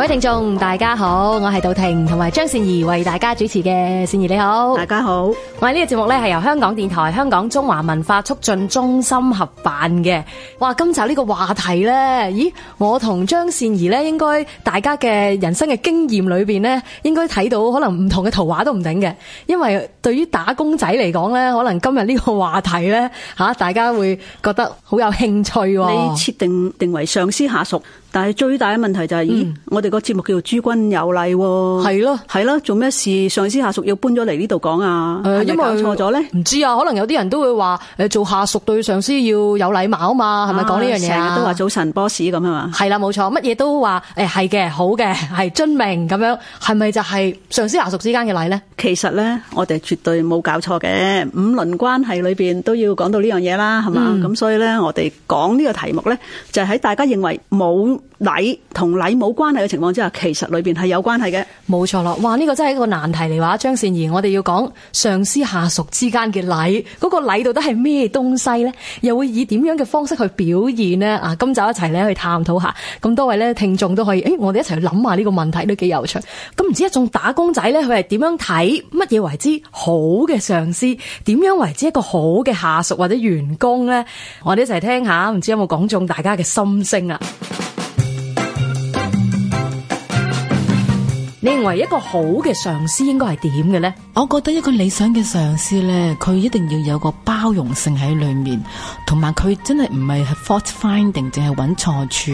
各位聽眾，大家好，我係杜婷，同埋張善怡為大家主持嘅。善怡你好，大家好。我哋呢個節目咧係由香港電台、香港中華文化促進中心合辦嘅。哇，今集呢個話題咧，咦，我同張善怡咧，應該大家嘅人生嘅經驗裏邊咧，應該睇到可能唔同嘅圖畫都唔定嘅。因為對於打工仔嚟講咧，可能今日呢個話題咧，吓大家會覺得好有興趣。你設定定為上司下屬？但係最大嘅問題就係、是，嗯、咦？我哋個節目叫做諸君有禮喎，係咯，係咯、啊啊，做咩事？上司下屬要搬咗嚟呢度講啊？係咪、呃、搞錯咗咧？唔知啊，可能有啲人都會話誒，做下屬對上司要有禮貌啊嘛，係咪講呢樣嘢？是是都話早晨，boss 咁啊嘛。係啦，冇錯，乜嘢都話誒，係嘅，好嘅，係遵命咁樣，係咪就係上司下屬之間嘅禮咧？其實咧，我哋絕對冇搞錯嘅，五倫關係裏邊都要講到呢樣嘢啦，係嘛？咁、嗯、所以咧，我哋講呢個題目咧，就喺、是、大家認為冇禮同禮冇關係嘅情況之下，其實裏邊係有關係嘅。冇錯咯，哇！呢個真係一個難題嚟話。張善儀，我哋要講上司下屬之間嘅禮，嗰個禮到底係咩東西呢？又會以點樣嘅方式去表現呢？啊，今集一齊咧去探討下。咁多位咧聽眾都可以，誒，我哋一齊去諗下呢個問題都幾有趣。咁唔知一眾打工仔咧，佢係點樣睇乜嘢為之好嘅上司？點樣為之一個好嘅下屬或者員工呢？我哋一齊聽下，唔知有冇講中大家嘅心聲啊？你認為一個好嘅上司應該係點嘅咧？我覺得一個理想嘅上司咧，佢一定要有個包容性喺裏面，同埋佢真係唔係係 fault finding，淨係揾錯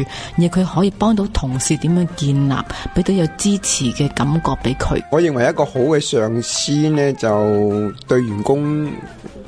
處，而係佢可以幫到同事點樣建立，俾到有支持嘅感覺俾佢。我認為一個好嘅上司咧，就對員工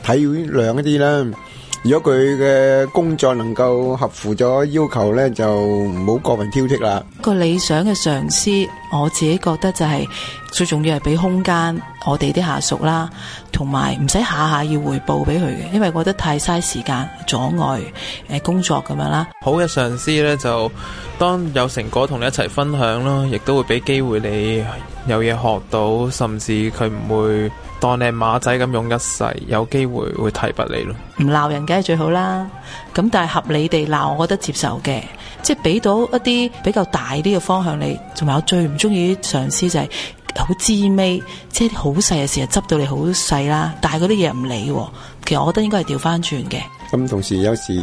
體諒一啲啦。如果佢嘅工作能夠合乎咗要求呢，就唔好過分挑剔啦。個理想嘅上司，我自己覺得就係、是、最重要係俾空間我哋啲下屬啦，同埋唔使下下要回報俾佢嘅，因為覺得太嘥時間，阻礙誒工作咁樣啦。好嘅上司呢，就當有成果同你一齊分享囉，亦都會俾機會你有嘢學到，甚至佢唔會。當你馬仔咁用一世，有機會會提拔你咯。唔鬧人梗係最好啦，咁但係合理地鬧，我覺得接受嘅，即係俾到一啲比較大啲嘅方向你。仲有，我最唔中意啲上司就係好滋味，即係好細嘅事啊，執到你好細啦，但係嗰啲嘢唔理。其實我覺得應該係調翻轉嘅。咁、嗯、同時有時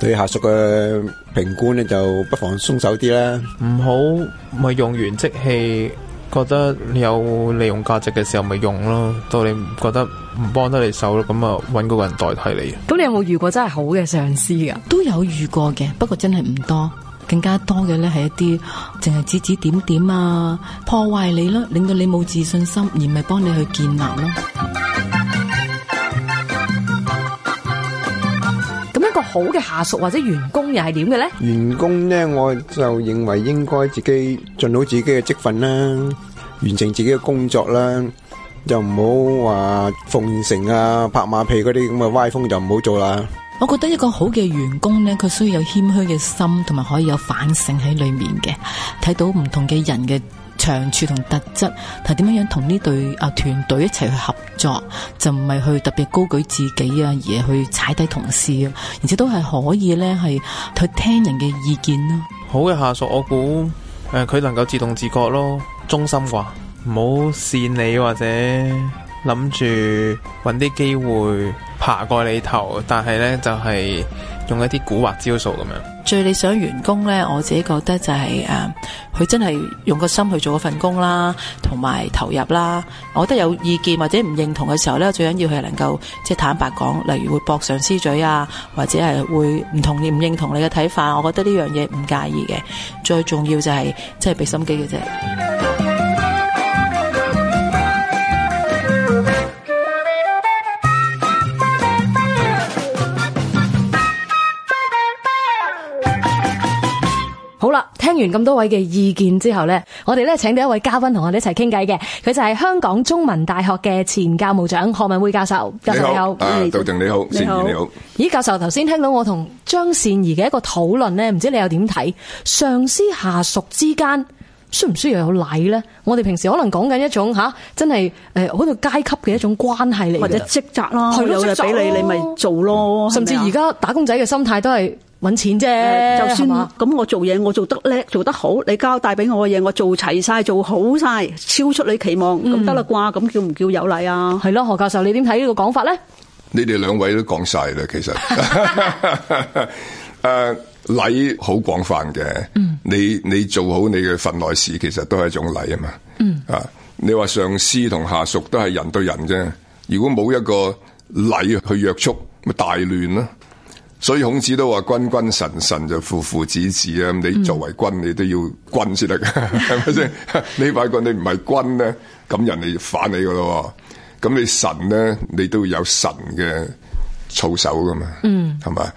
對下屬嘅評估咧，就不妨鬆手啲啦，唔好咪用完即棄。覺得你有利用價值嘅時候咪用咯，到你覺得唔幫得你手咯，咁啊揾嗰個人代替你。咁你有冇遇過真係好嘅上司啊？都有遇過嘅，不過真係唔多。更加多嘅咧係一啲淨係指指點點啊，破壞你囉，令到你冇自信心，而咪幫幫你去建立咯。嗯好嘅下屬或者員工又係點嘅咧？員工咧，我就認為應該自己盡好自己嘅職分啦，完成自己嘅工作啦，就唔好話奉承啊、拍馬屁嗰啲咁嘅歪風就唔好做啦。我覺得一個好嘅員工咧，佢需要有謙虛嘅心，同埋可以有反省喺裏面嘅，睇到唔同嘅人嘅。長處同特質，同點樣樣同呢對啊團隊一齊去合作，就唔係去特別高舉自己啊，而係去踩低同事啊，而且都係可以咧，係去聽人嘅意見咯、啊。好嘅下屬，我估誒佢能夠自動自覺咯，忠心啩，唔好善你或者。諗住揾啲機會爬過你頭，但係呢就係、是、用一啲古惑招數咁樣。最理想員工呢，我自己覺得就係、是、佢、呃、真係用個心去做個份工啦，同埋投入啦。我覺得有意見或者唔認同嘅時候呢，最緊要係能夠即係坦白講，例如會駁上司嘴啊，或者係會唔同意、唔認同你嘅睇法，我覺得呢樣嘢唔介意嘅。最重要就係即係俾心機嘅啫。嗯聽完咁多位嘅意見之後呢，我哋咧請到一位嘉賓同我哋一齊傾偈嘅，佢就係香港中文大學嘅前教務長何文匯教授。教授你好，杜靜你好，善儀你好。咦，教授頭先聽到我同張善儀嘅一個討論呢，唔知你又點睇上司下屬之間需唔需要有禮呢？我哋平時可能講緊一種吓，啊，真係誒，好到階級嘅一種關係嚟，或者職責啦，係咯，哦，職責俾你，嗯，你咪做咯。嗯，嗎甚至而家打工仔嘅心態都係。搵錢啫，就算咁我做嘢，係嘛？我做得叻，做得好。你交代俾我嘅嘢，我做齊晒，做好晒，超出你期望，咁得啦啩？咁叫唔叫有禮啊？係咯，何教授，你點睇呢個講法咧？你哋兩位都講晒啦，其實誒禮好廣泛嘅。嗯，你你做好你嘅份內事，其實都係一種禮啊嘛。嗯啊，你話上司同下屬都係人對人啫。如果冇一個禮去約束，咪大亂咯。所以孔子都話：君君臣臣，就父父子子啊！你作為君，你都要君先得，係咪先？你拜君，你唔係君咧，咁人哋反你噶咯。咁你臣咧，你都有臣嘅操守噶嘛？嗯，係咪？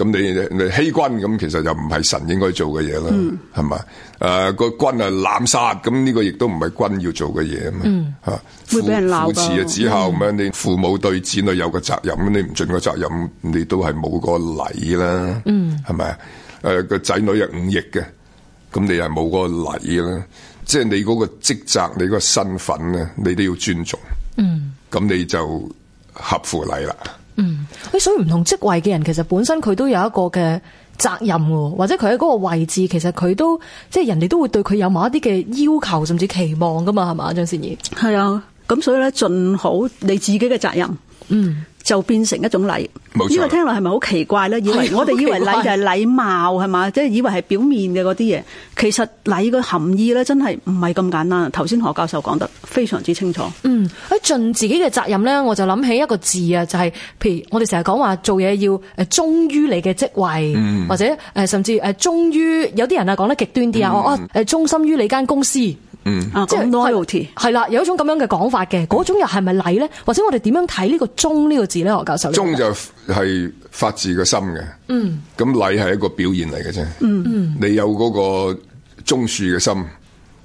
咁你欺君咁，其實就唔係神應該做嘅嘢啦，係咪、嗯？誒，呃、君濫殺個君啊濫殺，咁呢個亦都唔係君要做嘅嘢啊嘛吓，嗯、父會人父慈啊子孝咁樣，嗯、你父母對子女有個責任，你唔盡個責任，你都係冇個禮啦，係咪、嗯？誒，呃、又有個仔女係忤逆嘅，咁你係冇個禮啦，即、就、係、是、你嗰個職責，你個身份咧，你都要尊重，咁、嗯、你就合乎禮啦。嗯，誒，所以唔同職位嘅人其實本身佢都有一個嘅責任，或者佢喺嗰個位置，其實佢都即係人哋都會對佢有某一啲嘅要求甚至期望㗎嘛，係嘛，張善儀係啊，咁所以咧盡好你自己嘅責任，嗯。就變成一種禮，呢個錯聽落係咪好奇怪咧？以為我哋以為禮就係禮貌係嘛，即係以為係表面嘅嗰啲嘢。其實禮個含義咧，真係唔係咁簡單。頭先何教授講得非常之清楚。嗯，喺盡自己嘅責任咧，我就諗起一個字啊，就係、是、譬如我哋成日講話做嘢要誒忠於你嘅職位，嗯、或者誒甚至誒忠於有啲人啊講得極端啲啊，嗯、我我誒忠心於你間公司。嗯，即係 I O 係啦，有一種咁樣嘅講法嘅，嗰、嗯、種又係咪禮咧？或者我哋點樣睇呢、呢個忠呢、呢個字咧？何教授？忠就係發自個心嘅，嗯，咁禮係一個表現嚟嘅啫，嗯嗯，你有嗰個忠恕嘅心，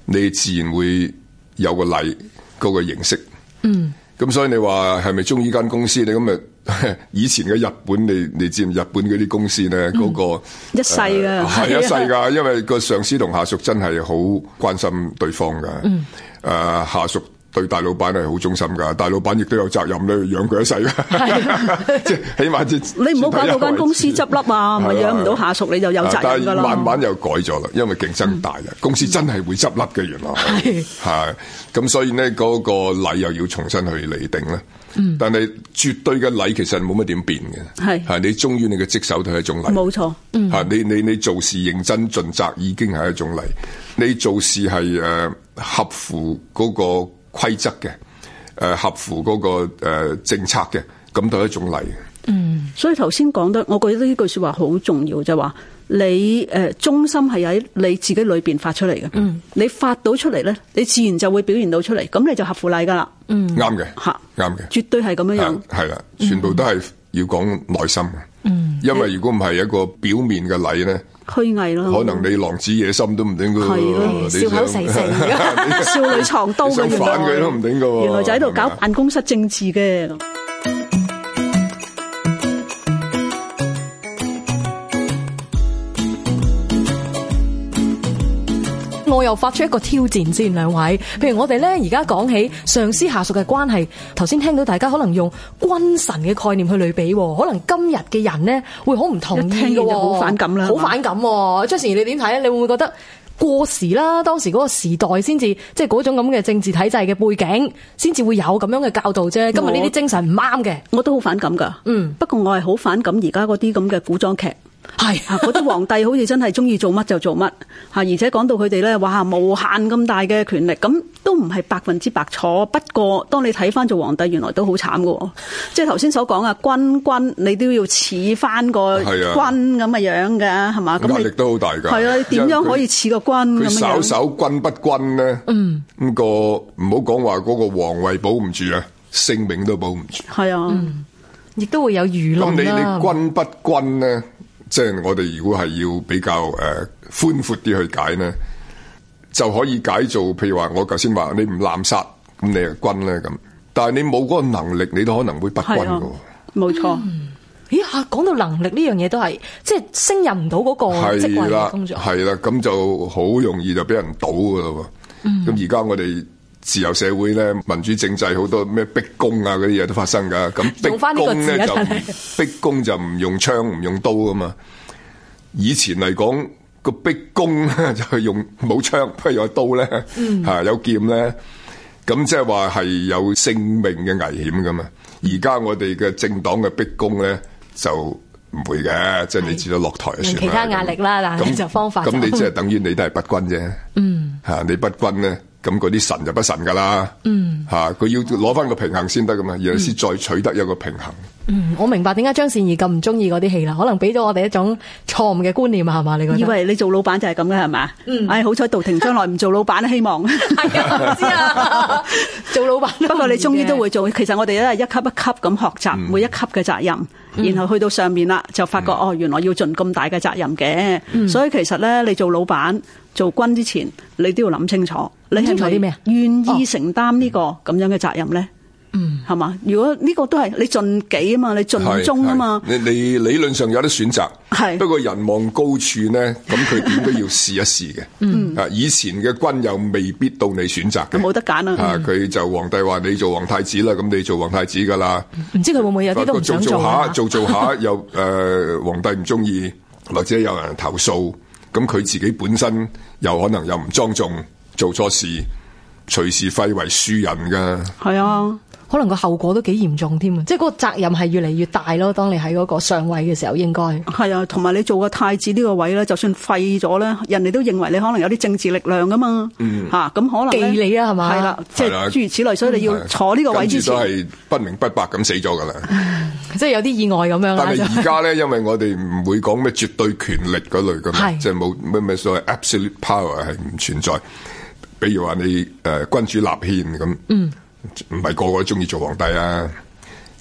你自然會有個禮嗰、嗰個形式，嗯，咁所以你話係咪忠意間公司你咁咪。 以前嘅日本，你你知唔知？日本啲公司咧，嗯，嗰個一世啊，係、呃、一世噶，是的 因為個上司同下屬真係好關心對方噶，誒、嗯呃、下屬。對大老闆係好忠心噶，大老闆亦都有責任咧，養佢一世噶。係，即係起碼。你唔好搞到間公司執笠啊，咪養唔到下屬，你就有責任噶啦。慢慢又改咗啦，因為競爭大啊，公司真係會執笠嘅，原來係咁，所以呢，嗰個禮又要重新去擬定呢。但係絕對嘅禮其實冇乜點變嘅。係。你忠於你嘅職守係一種禮。冇錯。吓你你你做事認真盡責已經係一種禮，你做事係誒合乎嗰個。規則嘅，誒、呃、合乎嗰、嗰個誒、呃、政策嘅，咁都一種禮。嗯，所以頭先講得，我覺得呢句說話好重要，就話、是、你誒、呃，中心係喺你自己裏邊發出嚟嘅。嗯，你發到出嚟咧，你自然就會表現到出嚟，咁你就合乎禮噶啦。嗯，啱嘅，吓，啱嘅，絕對係咁樣樣。係啦，全部都係要講內心的。嗯，因為如果唔係一個表面嘅禮咧，虛偽咯，可能你狼子野心都唔頂噶喎！笑口噬噬，少女藏刀嘅，你唔反佢都唔頂㗎，原來就喺度搞辦公室政治嘅。我又發出一個挑戰先，兩位，譬如我哋咧，而家講起上司下屬嘅關係，頭先聽到大家可能用君臣嘅概念去類比，可能今日嘅人呢，會好唔同，一聽到就好反感啦，好反感、啊。張善儀你點睇？你會唔會覺得過時啦？當時嗰個時代先至，即係嗰種咁嘅政治體制嘅背景，先至會有咁樣嘅教導啫。今日呢啲精神唔啱嘅，我都好反感噶。嗯，不過我係好反感而家嗰啲咁嘅古裝劇。係啊，嗰啲皇帝好似真係中意做乜就做乜吓。 而且講到佢哋咧，哇，無限咁大嘅權力，咁都唔係百分之百坐。不過當你睇翻做皇帝，原來都好慘噶，即係頭先所講啊，君君你都要似翻個君咁嘅、啊、樣噶，係嘛？壓力都好大噶。係啊，你點樣可以似個君咁樣？佢手手君不君咧？嗯、咁、那個唔好講話嗰個皇位保唔住啊，性命都保唔住。係啊，亦、嗯、都會有輿論啦。咁你你君不君咧？即係我哋如果係要比較誒寬闊啲去解呢，就可以解做譬如話我頭先話你唔濫殺咁你係軍咧咁，但係你冇嗰個能力你都可能會不軍嘅，冇錯、啊嗯。咦吓，講到能力呢樣嘢都係即係勝任唔到嗰個職位嘅工作，係啦，咁就好容易就俾人倒噶啦。咁而家我哋。自由社會咧，民主政制好多咩逼宮啊嗰啲嘢都發生㗎。咁逼宮咧就逼宮就唔用槍唔用刀㗎嘛。以前嚟講個逼宮咧就係、是、用冇槍，不如有刀咧、嗯啊、有劍咧。咁即係話係有性命嘅危險㗎嘛。而家我哋嘅政黨嘅逼宮咧就唔會嘅，是即係你知道落台就算其他壓力啦，那但係就方法咁，你即係等於你都係不君啫。嗯、啊、你不君咧。咁嗰啲神就不神噶啦，嗯，吓佢要攞翻個平衡先得噶嘛，然後先再取得一個平衡。嗯，我明白點解張善義咁唔中意嗰啲戲啦，可能俾咗我哋一種錯誤嘅觀念啊，係嘛？你以為你做老闆就係咁嘅，係嘛？嗯，唉，好彩杜婷將來唔做老闆，希望係啊，做老闆。不過你終於都會做，其實我哋都係一級一級咁學習每一級嘅責任，然後去到上面啦，就發覺哦，原來要盡咁大嘅責任嘅，所以其實咧，你做老闆。做君之前，你都要諗清楚，你清楚啲咩？願意承擔呢個咁樣嘅責任咧？嗯，係嘛？如果呢個都係你盡己啊嘛，你盡忠啊嘛。你你理論上有得選擇，係是不過人望高處咧，咁佢點都要試一試嘅。 嗯，啊，以前嘅君又未必到你選擇嘅，冇得揀啦。啊、嗯，佢就皇帝話你做皇太子啦，咁你做皇太子噶啦。唔知佢會唔會有啲都想做？做做下， 做做下又誒、呃，皇帝唔中意，或者有人投訴。咁佢自己本身又可能又唔莊重，做錯事，隨時廢為庶人噶。係啊，可能個後果都幾嚴重添啊！即係嗰個責任係越嚟越大咯。當你喺嗰個上位嘅時候應該，應該係啊，同埋你做個太子呢個位咧，就算廢咗咧，人哋都認為你可能有啲政治力量噶嘛。吓、嗯，咁、啊、可能忌你啊，係嘛？係啦、啊，即係諸如此類，所以你要坐呢個位置其實、啊嗯啊、都係不明不白咁死咗噶啦。 即係有啲意外咁樣，但係而家咧，就是、因為我哋唔會講咩絕對權力嗰類，咁即係冇咩咩所謂 absolute power 係唔存在。比如話你誒君主立憲咁，唔係個個都中意做皇帝啊。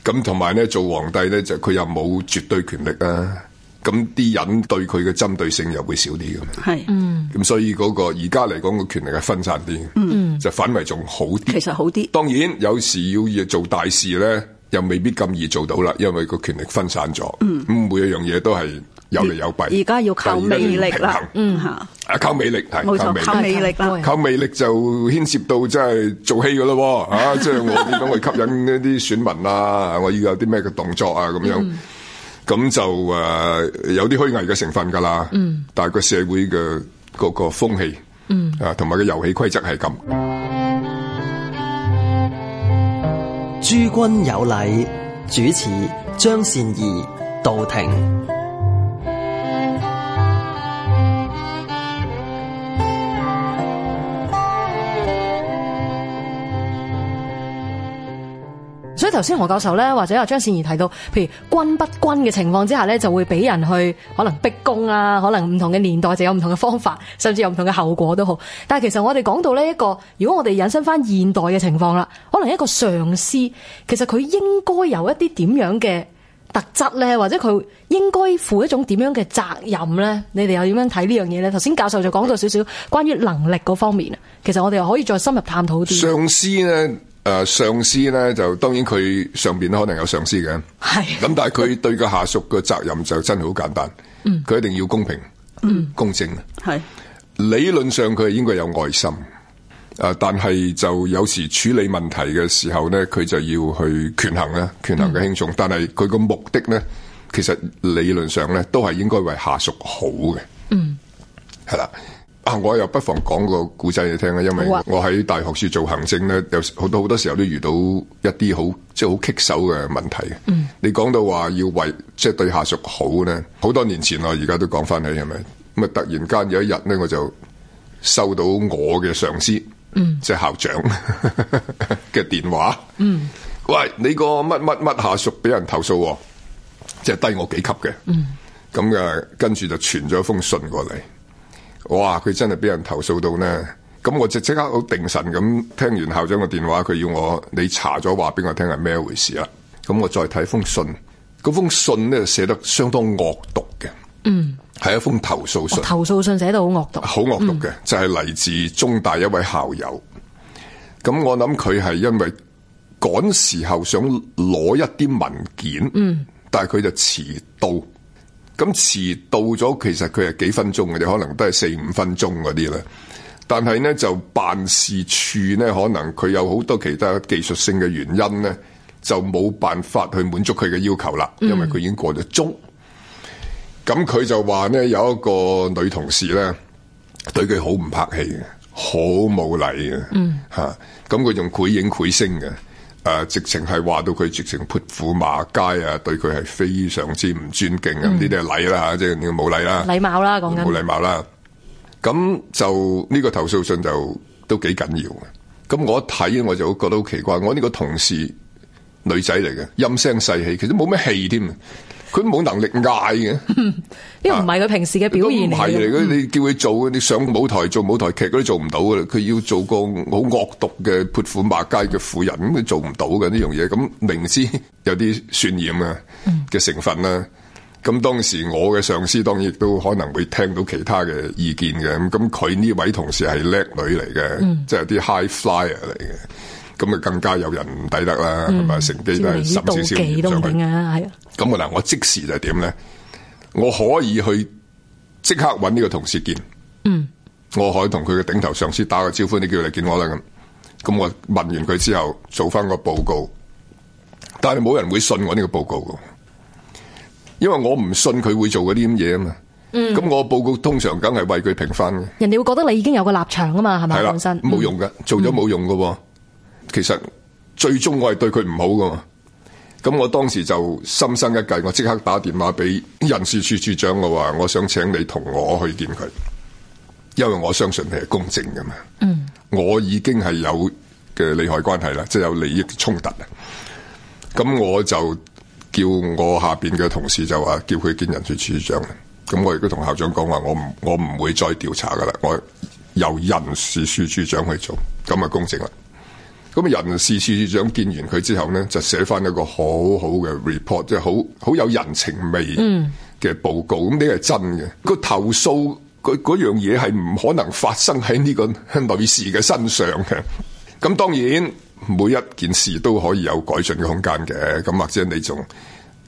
咁同埋咧做皇帝咧就佢又冇絕對權力啊。咁啲人對佢嘅針對性又會少啲咁嘛。係是，咁所以嗰個而家嚟講個權力係分散啲，嗯，就反為仲好啲。其實好啲。當然有時要做大事咧，又未必咁易做到啦，因為個權力分散咗，咁每一樣嘢都係有利有弊。而家要靠魅力啦，嗯吓，啊靠魅力，係冇錯，靠魅力啦，靠魅力就牽涉到即係做戲噶咯，啊，即係我點樣去吸引一啲選民啊，我要有啲咩嘅動作啊，咁樣，咁就誒有啲虛偽嘅成分噶啦，嗯，但係個社會嘅各個風氣，嗯啊，同埋個遊戲規則係咁。諸君有禮，主持張善儀道庭。所以頭先何教授咧，或者有張倩怡提到，譬如君不君嘅情況之下咧，就會俾人去可能逼供啊，可能唔同嘅年代就有唔同嘅方法，甚至有唔同嘅後果都好。但係其實我哋講到呢一個，如果我哋引申翻現代嘅情況啦，可能一個上司其實佢應該有一啲點樣嘅特質咧，或者佢應該負一種點樣嘅責任咧？你哋又點樣睇呢樣嘢咧？頭先教授就講到少少關於能力嗰方面啊，其實我哋又可以再深入探討啲上司呢誒，上司咧就當然佢上邊咧可能有上司嘅，係咁是但係佢對個下屬嘅責任就真係好簡單，佢、嗯、一定要公平、嗯、公正。係是理論上佢係應該有愛心，誒，但係就有時處理問題嘅時候咧，佢就要去權衡啦，權衡嘅輕重。嗯、但係佢個目的咧，其實理論上咧都係應該為下屬好嘅。嗯，係啦。啊！我又不妨講個故仔你聽，因為我喺大學處做行政咧，有好多好多時候都遇到一啲好即係好棘手嘅問題。嗯、你講到話要為即係、就是、對下屬好咧，好多年前我而家都講翻你係咪？咁啊，突然間有一日咧，我就收到我嘅上司，即係、嗯、校長嘅電話。嗯，喂，你個乜乜乜下屬俾人投訴，即、就、係、是、低我幾級嘅。咁啊、嗯，跟住就傳咗封信過嚟。哇！佢真係俾人投訴到呢。咁我就即刻好定神咁聽完校長嘅電話，佢要我你查咗話俾我聽係咩回事啦。咁我再睇封信，嗰封信咧寫得相當惡毒嘅，嗯，係一封投訴信，投訴信寫得好惡毒，好惡毒嘅、嗯、就係嚟自中大一位校友。咁我諗佢係因為趕時候想攞一啲文件，嗯，但係佢就遲到。咁遲到咗，其實佢係幾分鐘嘅啫，可能都係四五分鐘嗰啲啦。但係咧就辦事處咧，可能佢有好多其他技術性嘅原因咧，就冇辦法去滿足佢嘅要求啦，因為佢已經過咗鐘。咁佢、mm. 就話咧，有一個女同事咧，對佢好唔客氣嘅，好冇禮嘅，咁佢、mm. 啊、用繪影繪聲嘅。誒直情係話到佢直情潑婦罵街啊！對佢係非常之唔尊敬啊！呢啲係禮啦，即係冇禮啦，禮貌啦，冇禮貌啦。咁就呢個投訴信就都幾緊要嘅。咁我一睇我就覺得好奇怪，我呢個同事。女仔嚟嘅，陰聲細氣，其實冇咩戲添，佢都冇能力嗌嘅，呢個唔係佢平時嘅表現嚟，啊。係嚟，佢，嗯，你叫佢做你上舞台做舞台劇，佢都做唔到噶。佢要做個好惡毒嘅潑婦罵街嘅婦人，咁佢做唔到嘅呢樣嘢。咁明知有啲渲染啊嘅成分啦。咁，嗯，當時我嘅上司當然亦都可能會聽到其他嘅意見嘅。咁佢呢位同事係叻女嚟嘅，嗯，即係啲 high flyer，嚟嘅。咁咪更加有人唔抵得啦，咁成機都係深少少。咁、嗯、啊，嗱，我即時就點咧？我可以去即刻搵呢個同事見。嗯，我可以同佢嘅頂頭上司打個招呼，你叫佢嚟見我啦。咁，咁我問完佢之後，做翻個報告。但係冇人會信我呢個報告嘅，因為我唔信佢會做嗰啲咁嘢啊嘛。嗯，咁我報告通常梗係為佢平反嘅。人哋會覺得你已經有個立場啊嘛，係咪？係冇的、嗯、用㗎，做咗冇用喎。嗯其實最終我係對佢唔好噶嘛，咁我當時就心生一計，我即刻打電話俾人事處處長，我話我想請你同我去見佢，因為我相信你係公正噶嘛。嗯，我已經係有嘅利害關係啦，即係有利益衝突啊。咁我就叫我下邊嘅同事就話叫佢見人事處處長。咁我亦都同校長講話，我唔我唔會再調查噶啦。我由人事處處長去做，咁咪公正啦。咁啊，人事處處長見完佢之後咧，就寫翻一個好好嘅 report，即係好好有人情味嘅報告。咁呢個係真嘅。個投訴佢嗰樣嘢係唔可能發生喺呢個女士嘅身上嘅。咁當然每一件事都可以有改進嘅空間嘅。咁或者你仲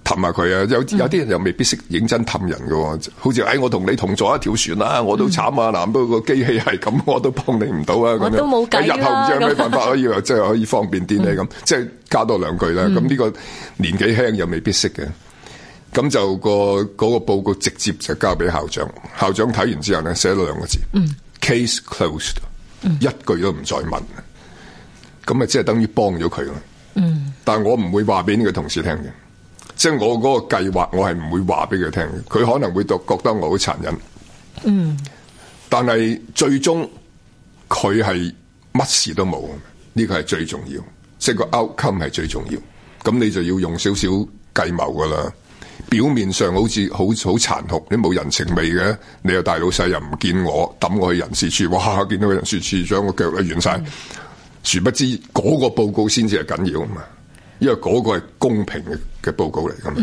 氹下佢啊！有有啲人又未必識認真氹人喎。好似哎我同你同坐一條船啦，我都慘啊！嗱，不過個機器係咁，我都幫你唔到啊！咁樣，日後唔知有咩辦法 可以即係可以方便啲你咁、嗯，即係加多兩句啦。咁呢、嗯、個年紀輕又未必識嘅，咁就、嗰個嗰、嗰個報告直接就交俾校長，校長睇完之後咧寫咗兩個字、嗯、，case closed，、嗯、一句都唔再問，咁咪即係等於幫咗佢咯。嗯、但係我唔會話俾呢個同事聽嘅。即係我嗰個計劃，我係唔會話俾佢聽嘅。佢可能會覺得我好殘忍。嗯，mm. 但係最終佢係乜事都冇，呢個係最重要。即係個 outcome 係最重要。咁你就要用少少計謀噶啦。表面上好似好好殘酷，你冇人情味嘅，你又大老細又唔見我，抌我去人事處，嘩，見到人事處長個腳啊，軟晒。殊不知嗰個報告先至係緊要啊嘛。因為嗰個係公平嘅嘅報告嚟噶嘛，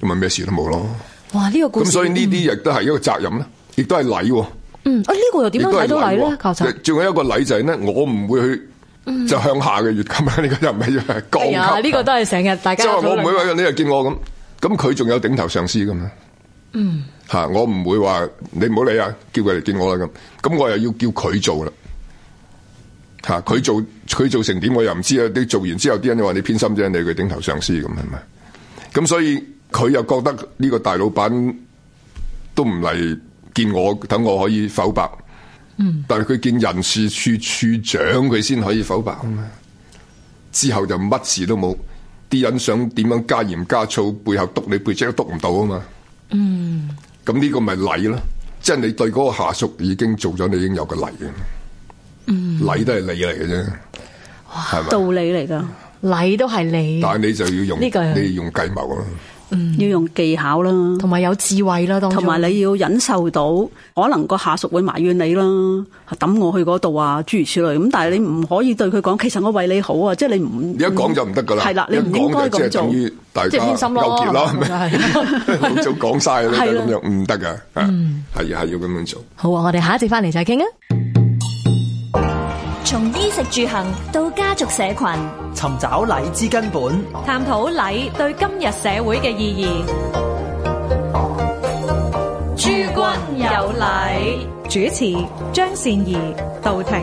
咁咪咩事都冇咯。哇！呢個咁所以呢啲亦都係一個責任啦，亦都係禮喎。嗯，啊呢個又點樣睇到禮咧？仲有一個禮就係咧，我唔會去就向下嘅月級啊，呢個又唔係降級，級。呢個都係成日大家。即係我唔會話你又見我咁，咁佢仲有頂頭上司噶嘛？嗯，嚇我唔會話你唔好理啊，叫佢嚟見我啦咁，咁我又要叫佢做啦。吓，佢做佢做成點我又唔知啊！你做完之後啲人就話你偏心啫，你佢頂頭上司，咁係咪？咁所以佢又覺得呢個大老闆都唔嚟見我，等我可以否白。嗯。但係佢見人事處處長佢先可以否白。之後就乜事都冇，啲人想點樣加鹽加醋，背後督你背脊都督唔到啊嘛。嗯。咁呢個咪禮囉，即係你對嗰個下屬已經做咗你已經有嘅例。禮都係你嚟嘅啫，係嘛，道理嚟噶，禮都係你。但係你就要用呢個，你要用計謀啦，嗯，要用技巧啦，同埋有智慧啦，同埋你要忍受到可能個下屬會埋怨你啦，抌我去嗰度啊，諸如此類。咁但係你唔可以對佢講，其實我為你好啊，即係你唔，你一講就唔得噶啦，係啦，你唔應該咁做，即係偏心咯，咁就講晒啦，咁樣唔得噶，啊，係啊，要咁樣做。好，我哋下一節翻嚟再傾啊。從衣食住行到家族社群，尋找禮之根本，探討禮對今日社會嘅意義。諸君有禮，主持張善儀到庭。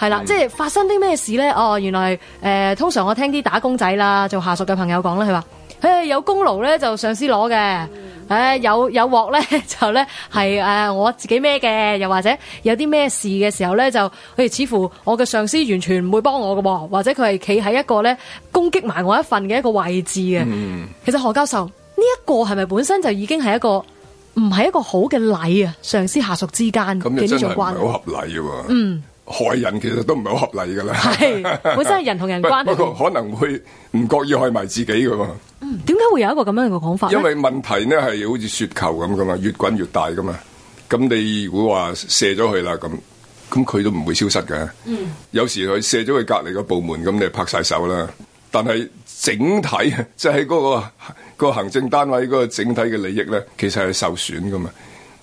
係啦、啊，即係發生啲咩事咧？哦，原來誒、呃，通常我聽啲打工仔啦，做下屬嘅朋友講啦，佢話誒有功勞咧就上司攞嘅，誒、欸、有有鑊咧就咧係誒我自己孭嘅，又或者有啲咩事嘅時候咧就，佢、欸、似乎我嘅上司完全唔會幫我嘅，或者佢係企喺一個咧攻擊埋我一份嘅一個位置嘅。嗯、其實何教授呢一個係咪本身就已經係一個唔係一個好嘅禮啊？上司下屬之間嘅呢種關係，好合禮嘅。嗯。害人其實都唔係好合理噶啦，係，本身係人同人嘅關係， 不過可能會唔覺意害埋自己噶、嗯。嘛。點解會有一個咁樣嘅講法呢？因為問題咧係好似雪球咁噶嘛，越滾越大噶嘛。咁你如果話射咗佢啦，咁咁佢都唔會消失嘅。嗯、有時佢射咗佢隔籬嘅部門，咁你拍晒手啦。但係整體，即係嗰個、那個行政單位嗰個整體嘅利益咧，其實係受損噶嘛。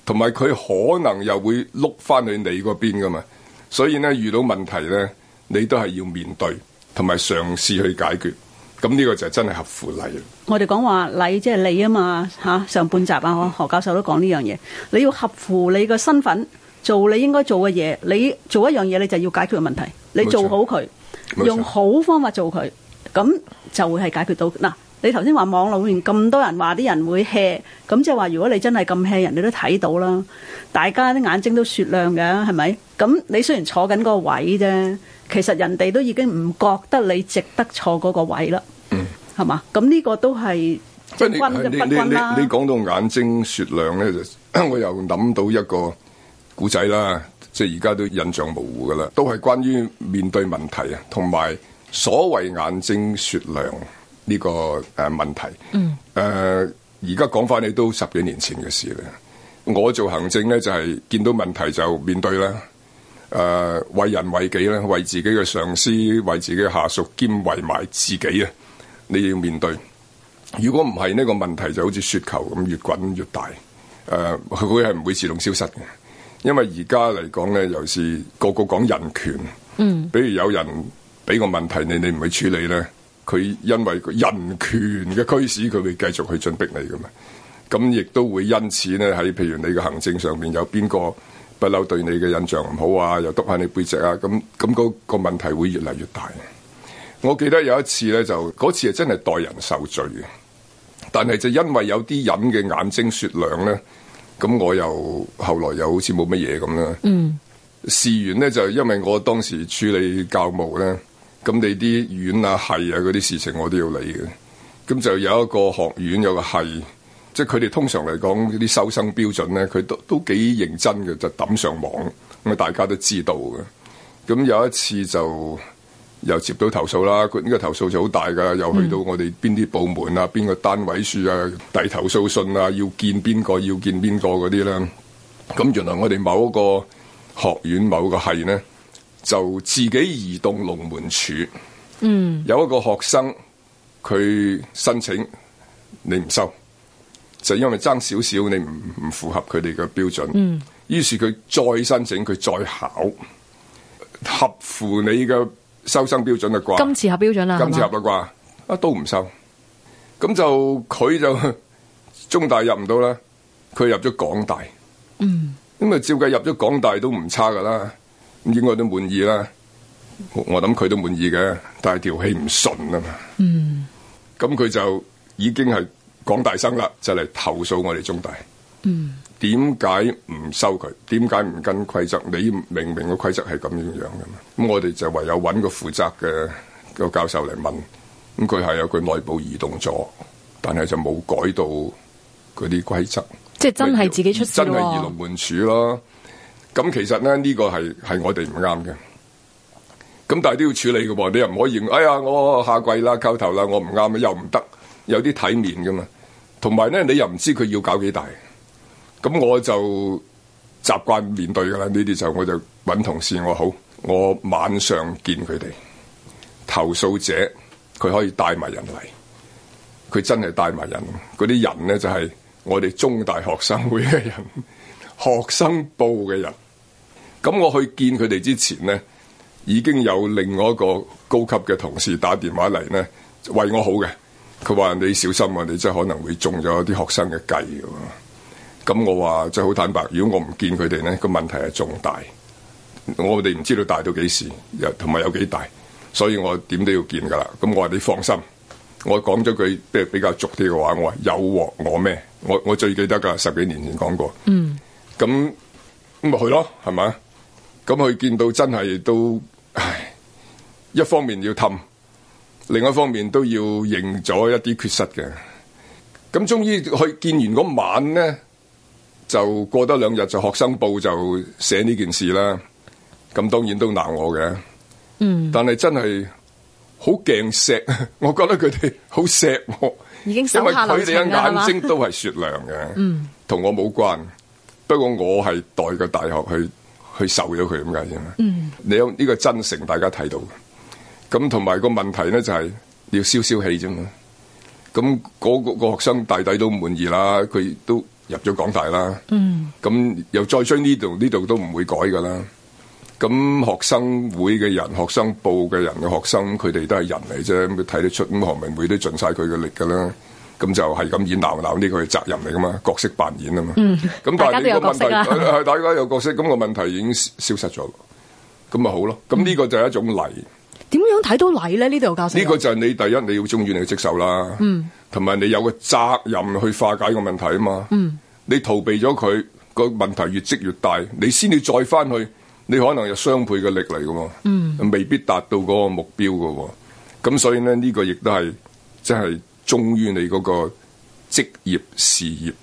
同埋佢可能又會碌翻去你嗰邊噶嘛。所以咧遇到問題咧，你都係要面對同埋嘗試去解決。咁呢個就真係合乎禮。我哋講話禮即係禮啊嘛吓，上半集啊何教授都講呢樣嘢，你要合乎你嘅身份做你應該做嘅嘢，你做一樣嘢你就要解決嘅問題，你做好佢，錯用好方法做佢，咁就會係解決到嗱。你頭先話網絡上面咁多人話啲人會 hea，e 咁，即係話如果你真係咁 hea，人哋都睇到啦。大家啲眼睛都雪亮嘅，係咪？咁你雖然坐緊個位啫，其實人哋都已經唔覺得你值得坐嗰個位啦。嗯，係嘛？咁呢個都係不均就不均啦。你講到眼睛雪亮咧，我又諗到一個古仔啦，即係而家都印象模糊噶啦，都係關於面對問題啊，同埋所謂眼睛雪亮。.呢個誒問題，誒而家講返你都十幾年前嘅事啦。我做行政咧，就係、是、見到問題就面對啦。誒、呃、為人為己咧，為自己嘅上司，為自己嘅下，下屬，兼為埋自己啊，你要面對。如果唔係呢個問題，就好似雪球咁越滾越大，誒佢係唔會自動消失嘅。因為而家嚟講咧，尤其是個個講人權，嗯，比如有人俾個問題你，你唔去處理咧。佢因為人權嘅驅使，佢會繼續去進逼你噶嘛。咁亦都會因此咧，喺譬如你嘅行政上面，有邊個不嬲對你嘅印象唔好啊，又督下你背脊啊，咁咁嗰個問題會越嚟越大。我記得有一次咧，就嗰次係真係代人受罪嘅，但係就因為有啲人嘅眼睛雪亮咧，咁我又後來又好似冇乜嘢咁啦。嗯，事緣咧就因為我當時處理教務咧。咁你啲院啊系啊嗰啲事情我都要理嘅，咁就有一個學院有個系，即係佢哋通常嚟講啲收生標準咧，佢都都幾認真嘅，就揼上網，咁啊大家都知道嘅。咁有一次就又接到投訴啦，佢呢個投訴就好大噶，又去到我哋邊啲部門啊，邊個單位處啊遞投訴信啊，要見邊個要見邊個嗰啲咧。咁原來我哋某一個學院某個系咧。就自己移動龍門柱。嗯，有一個學生佢申請，你唔收，就因為爭少少，你唔唔符合佢哋嘅標準。嗯，於是佢再申請，佢再考，合乎你嘅收生標準嘅啩。今次合標準啦，今次合啦啩？嗎啊，都唔收。咁就佢就中大入唔到啦，佢入咗港大。嗯，咁啊，照計入咗港大都唔差噶啦。應該都滿意啦，我諗佢都滿意嘅，但係條氣唔順啊嘛。嗯，咁佢就已經係講大聲啦，就嚟、是、投訴我哋中大。嗯，點解唔收佢？點解唔跟規則？你明唔明個規則係咁樣樣噶嘛？咁我哋就唯有揾個負責嘅個教授嚟問。咁佢係有佢內部移動咗，但係就冇改到嗰啲規則。即係真係自己出事，真係移龍門柱咯。咁其實咧，呢個係係我哋唔啱嘅。咁但係都要處理嘅喎，你又唔可以認，哎呀，我下季啦，叩頭啦，我唔啱啊，又唔得，有啲體面嘅嘛。同埋咧，你又唔知佢要搞幾大。咁我就習慣面對嘅啦。呢啲就我就揾同事，我好，我晚上見佢哋。投訴者佢可以帶埋人嚟，佢真係帶埋人。嗰啲人咧就係我哋中大學生會嘅人，學生報嘅人。咁我去見佢哋之前咧，已經有另外一個高級嘅同事打電話嚟咧，為我好嘅。佢話你小心啊，你真係可能會中咗啲學生嘅計。咁我話真係好坦白，如果我唔見佢哋咧，個問題係重大，我哋唔知道大到幾時，同埋有幾大，所以我點都要見噶啦。咁我話你放心，我講咗句即係比較俗啲嘅話，我話有我咩？我我最記得噶十幾年前講過。嗯，咁咁咪去咯，係咪？咁佢見到真係都，一方面要氹，另一方面都要認咗一啲缺失嘅。咁終於去見完嗰晚咧，就過得兩日就學生報就寫呢件事啦。咁當然都鬧我嘅，但係真係好勁錫，我覺得佢哋好錫。已經收下啦，係嘛？因為佢哋嘅眼睛都係雪亮嘅，同我冇關。不過我係代個大學去。去受咗佢咁解啫嘛，你有呢個真誠大家睇到，咁同埋個問題咧就係你要消消氣啫嘛。咁嗰個個學生弟弟都唔滿意啦，佢都入咗港大啦。咁又再追呢度呢度都唔會改噶啦。咁學生會嘅人，學生報嘅人嘅學生，佢哋都係人嚟啫，咁睇得出咁學明會都盡晒佢嘅力噶啦。咁就係咁演鬧鬧呢個責任嚟噶嘛，角色扮演啊嘛。咁、嗯、但係呢個問題，係大， 大家有角色，咁、那個問題已經消失咗，咁咪好咯。咁呢個就係一種禮。點樣睇到禮咧？呢度教呢個就係你第一你要忠於你嘅職守啦。嗯，同埋你有個責任去化解個問題啊嘛。嗯，你逃避咗佢，個問題越積越大，你先至再翻去，你可能有雙倍嘅力嚟噶嘛。嗯，未必達到嗰個目標噶。咁所以咧呢、這個亦都係即係。忠於你嗰個職業事業，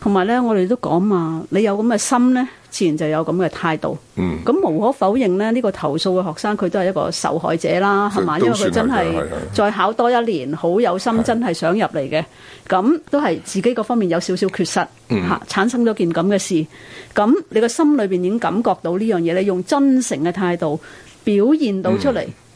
同埋咧，我哋都講嘛，你有咁嘅心呢，自然就有咁嘅態度。嗯，咁無可否認呢，呢、呢個投訴嘅學生佢都係一個受害者啦，係嘛都？吧因為佢真係再考多一年，好的有心，真係想入嚟嘅。咁的都係自己嗰方面有少少缺失，嚇、嗯啊、產生咗件咁嘅事。咁你個心裏邊已經感覺到呢樣嘢咧，你用真誠嘅態度表現到出嚟。嗯。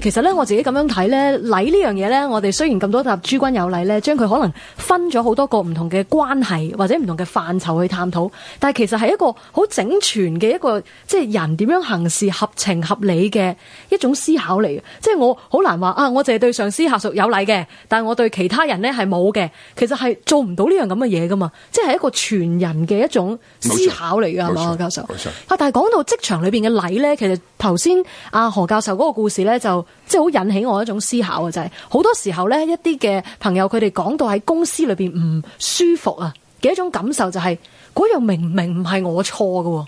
其實咧，我自己咁樣睇咧，禮呢樣嘢咧，我哋雖然咁多集諸君有禮咧，將佢可能分咗好多個唔同嘅關係或者唔同嘅範疇去探討，但係其實係一個好整全嘅一個即係人點樣行事合情合理嘅一種思考嚟嘅，即係我好難話啊，我淨係對上司下屬有禮嘅，但係我對其他人呢係冇嘅，其實係做唔到呢樣咁嘅嘢噶嘛，即係一個全人嘅一種思考嚟嘅，係嘛冇錯，教授？冇錯啊！但係講到職場裏邊嘅禮咧，其實頭先阿何教授嗰個故事咧就。即係好引起我一種思考啊，就係好多時候咧，一啲嘅朋友佢哋講到喺公司裏邊唔舒服啊嘅一種感受，就係嗰樣，明明唔係我錯喎。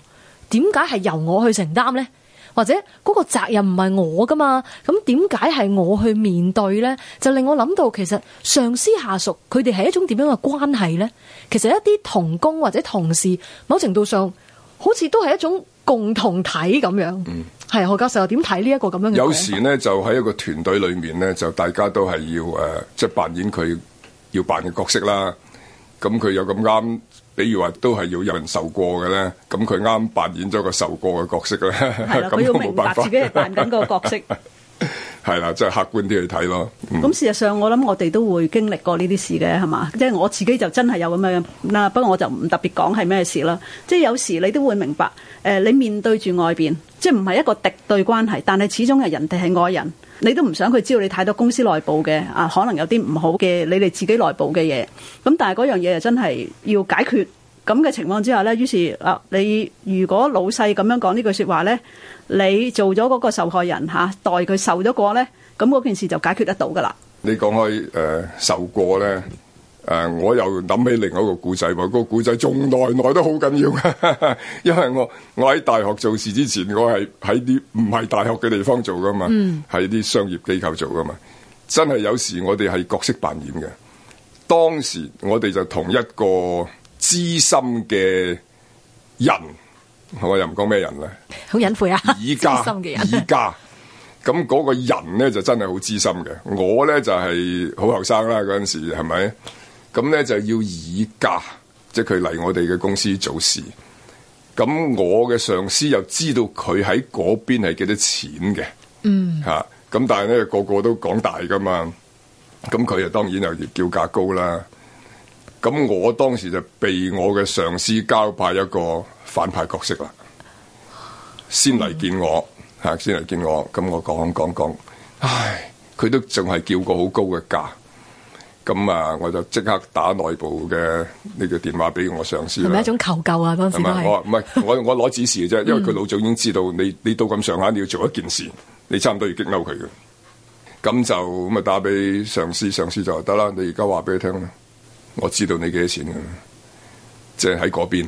點解係由我去承擔呢？或者嗰個責任唔係我噶嘛？咁點解係我去面對呢？就令我諗到其實上司下屬佢哋係一種點樣嘅關係呢？其實一啲同工或者同事某程度上好似都係一種共同體咁樣。嗯係何教授又點睇呢一個咁樣嘅？有時咧就喺一個團隊裏面咧，就大家都係要誒，即、呃、係扮演佢要扮嘅角色啦。咁佢有咁啱，比如話都係要有人受過嘅咧，咁佢啱扮演咗個受過嘅角色咧。係啦，佢的 要明白自己係扮緊個角色。 係啦，即係、啊就是、客觀啲去睇咯。咁、嗯、事實上，我諗我哋都會經歷過呢啲事嘅，係嘛？即係我自己就真係有咁樣啦，不過我就唔特別講係咩事啦。即係有時你都會明白，誒、呃，你面對住外邊，即係唔係一個敵對關係，但係始終係人哋係外人，你都唔想佢知道你太多公司內部嘅啊，可能有啲唔好嘅你哋自己內部嘅嘢。咁但係嗰樣嘢又真係要解決。咁嘅情況之下咧，於是啊，你如果老細咁樣講呢句說話咧，你做咗嗰個受害人吓、啊，代佢受咗過咧，咁嗰件事就解決得到噶啦。你講開誒，受過咧誒、呃，我又諗起另外一個故仔喎。嗰個故仔仲耐耐都好緊要， 因為我我喺大學做事之前，我係喺啲唔係大學嘅地方做噶嘛，喺啲、嗯、商業機構做噶嘛，真係有時我哋係角色扮演嘅。當時我哋就同一個。資深嘅人，好啊！又唔講咩人啦，好隱晦啊！以家，的人以家，咁、那、嗰個人咧就真係好資深嘅。我咧就係好後生啦，嗰陣時係咪？咁咧就要以家，即係佢嚟我哋嘅公司做事。咁我嘅上司又知道佢喺嗰邊係幾多錢嘅，嗯，吓咁、啊，但係咧個個都講大噶嘛，咁佢啊當然又叫價高啦。咁我當時就被我嘅上司交派一個反派角色啦，嗯、先嚟見我嚇，先嚟見我，咁我，我講一講一講，唉，佢都仲係叫個好高嘅價，咁啊，我就即刻打內部嘅呢、這個電話俾我上司。係咪一種求救啊？當時都係。唔係我我攞指示嘅啫， 因為佢老總已經知道你你到咁上下你要做一件事，你差唔多要激嬲佢嘅。咁就咁啊，就打俾上司，上司就話得啦。你而家話俾佢聽啦。我知道你幾多錢嘅、啊，即係喺嗰邊，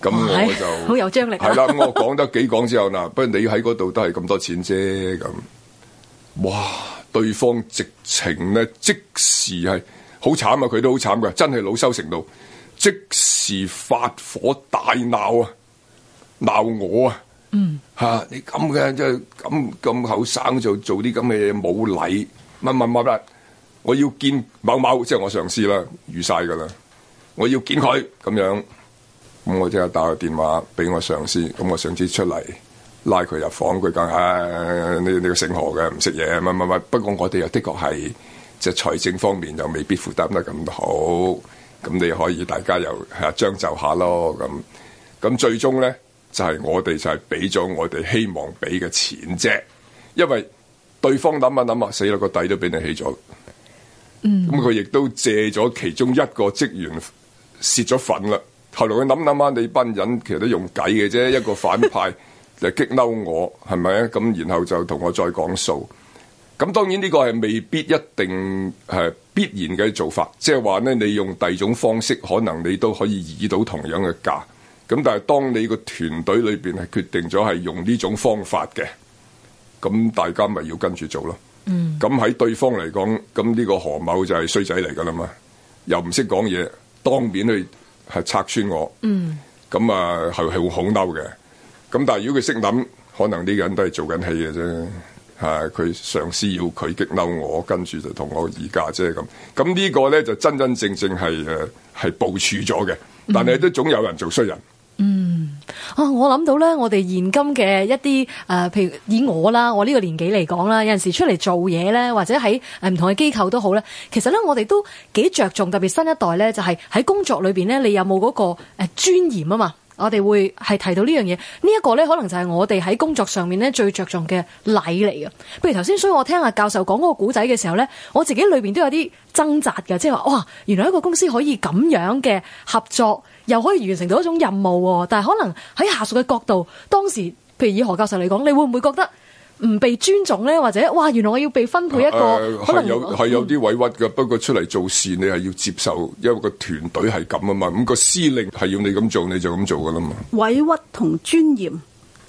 咁我就好有張力。係啦，咁我講得幾講之後嗱， 不過你喺嗰度都係咁多錢啫。咁，哇，對方直情咧即時係好慘啊，佢都好慘噶，真係老羞成怒，即時發火大鬧啊，鬧我啊，嗯吓、啊，你咁嘅即係咁咁後生，就做啲咁嘅嘢冇禮，乜乜乜啦。我要見某某，即係我上司啦，預晒噶啦。我要見佢咁樣，咁我即刻打個電話俾我上司。咁我上司出嚟拉佢入房，佢講，唉、哎，呢你，你個姓何嘅唔識嘢，乜乜乜。不過我哋又的確係即係財政方面又未必負擔得咁好。咁你可以大家又係將就下咯。咁咁最終咧就係、是、我哋就係俾咗我哋希望俾嘅錢啫，因為對方諗啊諗啊，死啦個底都俾你起咗。咁佢亦都借咗其中一個職員泄咗憤啦。後來佢諗諗下，你班人其實都用計嘅啫。一個反派嚟激嬲我，係咪？咁然後就同我再講數。咁當然呢個係未必一定係必然嘅做法，即係話咧，你用第二種方式，可能你都可以議到同樣嘅價。咁但係當你個團隊裏邊係決定咗係用呢種方法嘅，咁大家咪要跟住做咯。嗯，咁喺對方嚟講，咁呢個何某就係衰仔嚟㗎喇嘛，又唔識講嘢，當面去拆穿我，嗯，咁啊係會好嬲嘅。咁但係如果佢識諗，可能呢個人都係做緊戲嘅啫。佢上司要佢激嬲我，跟住就同我而家啫咁。咁呢個咧就真真正正係係部署咗嘅，但係都總有人做衰人。嗯嗯，啊，我諗到咧，我哋現今嘅一啲誒、呃，譬如以我啦，我呢個年紀嚟講啦，有陣時出嚟做嘢咧，或者喺誒唔同嘅機構都好咧，其實咧我哋都幾着重，特別新一代咧，就係喺工作裏邊呢。你有冇嗰個誒尊嚴啊？嘛，我哋會係提到呢樣嘢，呢、這、一個咧，可能就係我哋喺工作上面呢最着重嘅禮嚟嘅。譬如頭先，所以我聽阿教授講嗰個古仔嘅時候咧，我自己裏邊都有啲掙扎嘅，即係話，哇，原來一個公司可以咁樣嘅合作。又可以完成到一種任務喎，但可能喺下屬嘅角度，當時譬如以何教授嚟講，你會唔會覺得唔被尊重咧？或者哇，原來我要被分配一個，啊啊、可能係有係有啲委屈嘅。不過出嚟做事，你係要接受，因為個團隊係咁啊嘛。咁個司令係要你咁做，你就咁做嘅啦嘛。委屈同尊嚴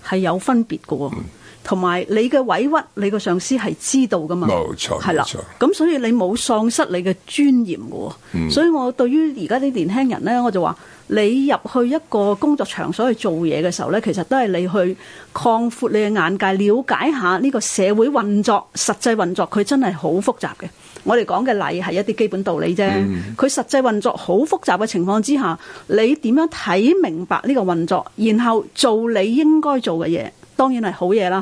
係有分別嘅喎。嗯同埋你嘅委屈，你嘅上司係知道噶嘛？冇錯，係啦。咁所以你冇喪失你嘅尊嚴㗎、喎嗯、所以我對於而家啲年輕人咧，我就話：你入去一個工作場所去做嘢嘅時候咧，其實都係你去擴闊你嘅眼界，了解下呢個社會運作，實際運作佢真係好複雜嘅。我哋講嘅禮係一啲基本道理啫。佢、嗯、實際運作好複雜嘅情況之下，你點樣睇明白呢個運作，然後做你應該做嘅嘢？當然係好嘢啦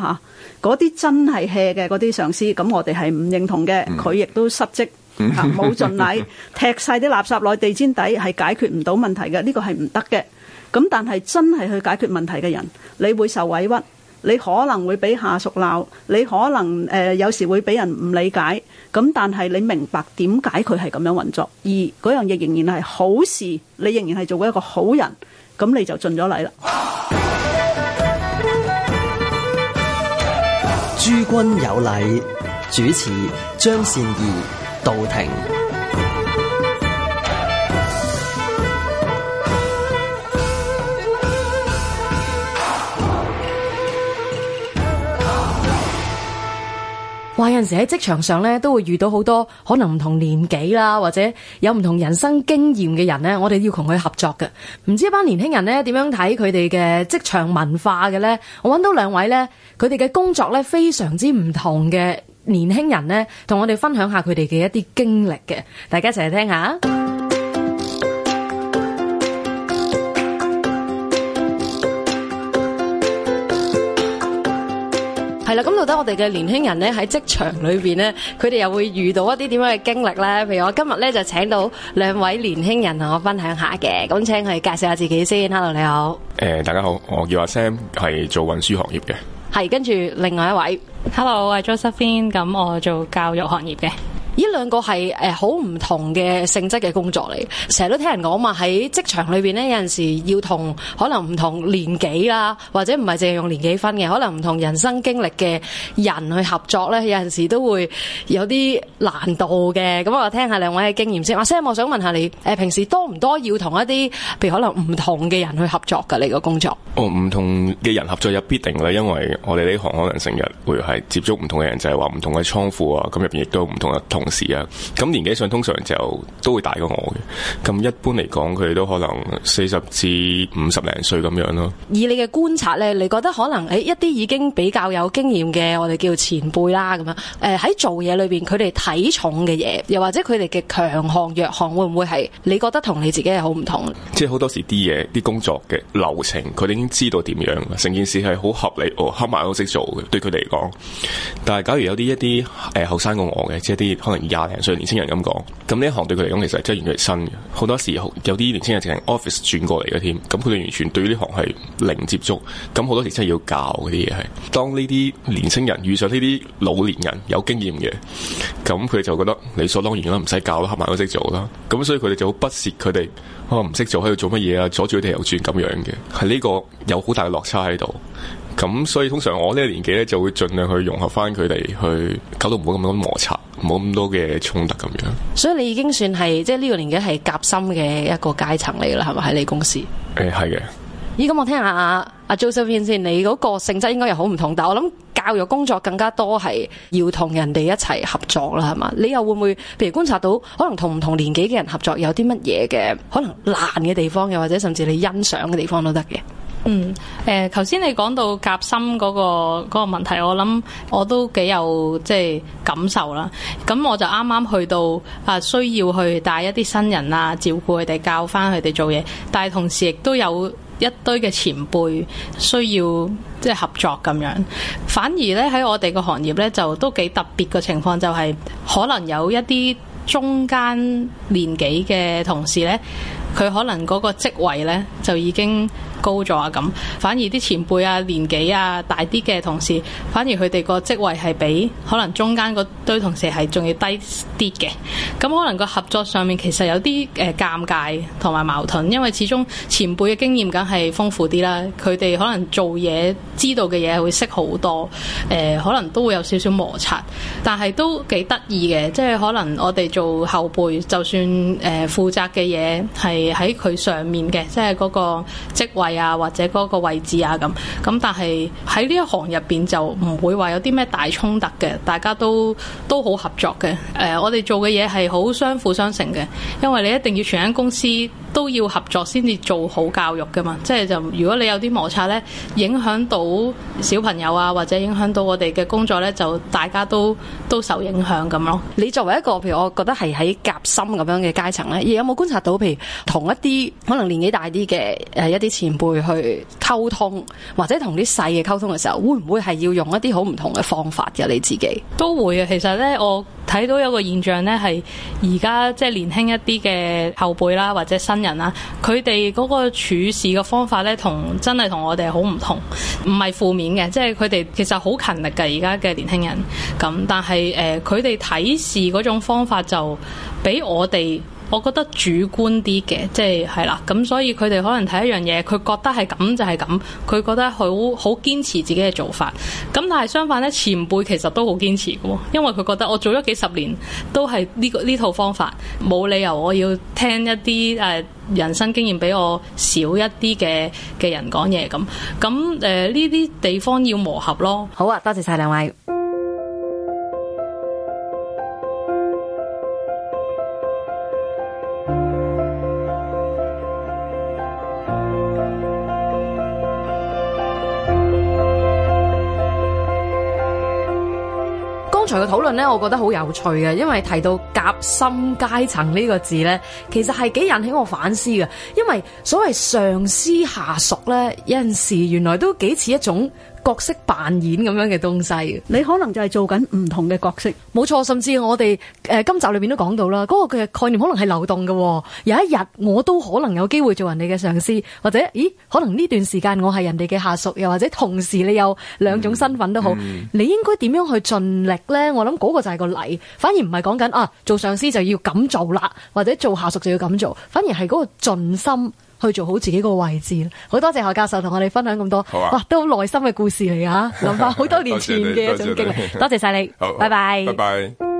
嚇，嗰、啊、啲真係 hea 嘅嗰啲上司，咁我哋係唔認同嘅，佢亦、嗯、都失職冇、啊、盡禮， 踢晒啲垃圾落地氈底係解決唔到問題嘅，呢、這個係唔得嘅。咁、啊、但係真係去解決問題嘅人，你會受委屈，你可能會俾下屬鬧，你可能誒、呃、有時會俾人唔理解。咁、啊、但係你明白點解佢係咁樣運作，而嗰樣嘢仍然係好事，你仍然係做一個好人，咁、啊、你就盡咗禮啦。諸君有禮，主持張善儀道庭。話有陣時喺職場上咧，都會遇到好多可能唔同年紀啦，或者有唔同人生經驗嘅人咧，我哋要同佢合作嘅。唔知一班年輕人咧點樣睇佢哋嘅職場文化嘅咧？我揾到兩位咧，佢哋嘅工作咧非常之唔同嘅年輕人咧，同我哋分享下佢哋嘅一啲經歷嘅，大家一齊嚟聽下。係啦，咁到底我哋嘅年輕人咧喺職場裏邊咧，佢哋又會遇到一啲點樣嘅經歷咧？譬如我今日咧就請到兩位年輕人同我分享下嘅，咁請佢哋介紹下自己先。Hello，你好。誒、呃，大家好，我叫阿 Sam，係做運輸行業嘅。係，跟住另外一位，Hello，我係 Josephine，咁我做教育行業嘅。呢兩個係誒好唔同嘅性質嘅工作嚟。成日都聽人講嘛，喺職場裏邊咧有陣時要同可能唔同年紀啦，或者唔係淨係用年紀分嘅，可能唔同人生經歷嘅人去合作咧，有陣時都會有啲難度嘅。咁我聽下兩位嘅經驗先。阿 Sam，我想問下你誒平時多唔多要同一啲譬如可能唔同嘅人去合作㗎？你個工作？哦，唔同嘅人合作有必定啦，因為我哋呢行可能成日會係接觸唔同嘅人，就係話唔同嘅倉庫啊，咁入邊亦都唔同嘅同同事啊，咁年紀上通常就都會大過我嘅，咁一般嚟講佢哋都可能四十至五十零歲咁樣咯。以你嘅觀察咧，你覺得可能喺一啲已經比較有經驗嘅，我哋叫前輩啦，咁樣，誒喺做嘢裏邊，佢哋睇重嘅嘢，又或者佢哋嘅強項弱項，會唔會係你覺得同你自己係好唔同？即係好多時啲嘢，啲工作嘅流程，佢哋已經知道點樣，成件事係好合理，瞌埋眼都識做嘅，對佢哋嚟講。但係假如有啲一啲誒後生過我嘅，即係啲二廿零歲年青人咁講，咁呢一行對佢嚟講，其實真係完全係新嘅。好多時有啲年青人淨係 office 轉過嚟嘅添，咁佢哋完全對於呢行係零接觸。咁好多時真係要教嗰啲嘢係。當呢啲年青人遇上呢啲老年人有經驗嘅，咁佢就覺得理所當然啦，唔使教啦，合埋都識做啦。咁所以佢哋就好不屑佢哋可能唔識做喺度做乜嘢，啊，阻住佢哋又轉咁樣嘅。係呢個有好大嘅落差喺度。咁所以通常我呢個年紀咧，就會盡量去融合翻佢哋，去搞到唔好咁多摩擦。冇咁多嘅衝突咁樣，所以你已經算係即係呢個年紀係夾心嘅一個階層嚟啦，係咪？喺你公司？誒、嗯，係嘅。咦、嗯，咁我聽下阿阿 Josephine 先，你嗰個性質應該又好唔同，但我諗教育工作更加多係要同人哋一齊合作啦，係嘛？你又會唔會譬如觀察到可能同唔同年紀嘅人合作有啲乜嘢嘅可能難嘅地方，又或者甚至你欣賞嘅地方都得嘅？嗯，誒、呃，頭先你講到夾心嗰、那個嗰、嗰個問題，我諗我都幾有即係感受啦。咁我就啱啱去到啊，需要去帶一啲新人啊，照顧佢哋，教返佢哋做嘢，但係同時亦都有一堆嘅前輩需要即係合作咁樣。反而呢，喺我哋個行業呢，就都幾特別嘅情況，就係、係、可能有一啲中間年紀嘅同事呢，佢可能嗰個職位呢，就已經高咗啊咁，反而啲前輩啊年紀啊大啲嘅同事，反而佢哋個職位係比可能中間堆同事係仲要低啲嘅，咁可能個合作上面其實有啲誒尷尬同埋矛盾，因為始終前輩嘅經驗梗係豐富啲啦，佢哋可能做嘢知道嘅嘢會識好多，誒、呃、可能都會有少少摩擦，但係都幾得意嘅，即係可能我哋做後輩就算誒負、呃、責嘅嘢係喺佢上面嘅，即係個職位。啊，或者嗰個位置啊咁，咁但係喺呢一行入邊，就唔會話有啲咩大衝突嘅，大家都都好合作嘅。誒，我哋做嘅嘢係好相輔相成嘅，因為你一定要全間公司。都要合作先至做好教育噶嘛，即係就如果你有啲摩擦咧，影響到小朋友啊，或者影響到我哋嘅工作咧，就大家都都受影響咁咯。你作為一個譬如，我覺得係喺夾心咁樣嘅階層呢咧，亦有冇觀察到譬如同一啲可能年紀大啲嘅誒一啲前輩去溝通，或者同啲細嘅溝通嘅時候，會唔會，係要用一啲好唔同嘅方法嘅你自己都會啊。其實咧，我。睇到有個現象呢，係而家即係年輕一啲嘅後輩啦，或者新人啦，佢哋嗰個處事嘅方法呢，同真係同我哋好唔同。唔係負面嘅，即係佢哋其實好勤力嘅，而家嘅年輕人咁。但係誒，佢哋睇事嗰種方法就俾我哋。我覺得主觀啲嘅，即係係啦，咁所以佢哋可能睇一樣嘢，佢覺得係咁就係咁，佢覺得好好堅持自己嘅做法。咁但係相反呢，前輩其實都好堅持嘅喎，因為佢覺得我做咗幾十年都係呢個呢套方法，冇理由我要聽一啲誒人生經驗比我少一啲嘅嘅人講嘢咁。咁誒呢啲地方要磨合咯。好啊，多謝晒兩位。剛才嘅討論咧，我覺得好有趣嘅，因為提到夾心階層呢個字咧，其實係幾引起我反思嘅，因為所謂上司下屬咧，有陣時原來都幾似一種。角色扮演咁樣嘅東西，你可能就係做緊唔同嘅角色，冇錯。甚至我哋誒今集裏邊都講到啦，嗰個嘅概念可能係流動嘅喎。有一日我都可能有機會做人哋嘅上司，或者咦，可能呢段時間我係人哋嘅下屬，又或者同時你有兩種身份都好，你應該點樣去盡力呢？我諗嗰個就係個例，反而唔係講緊啊做上司就要咁做啦，或者做下屬就要咁做，反而係嗰個盡心。去做好自己個位置，好多謝何教授同我哋分享咁多，好啊、哇，都好耐心嘅故事嚟㗎、啊。諗翻好多年前嘅一種經歷， 多謝晒你，拜拜，拜拜。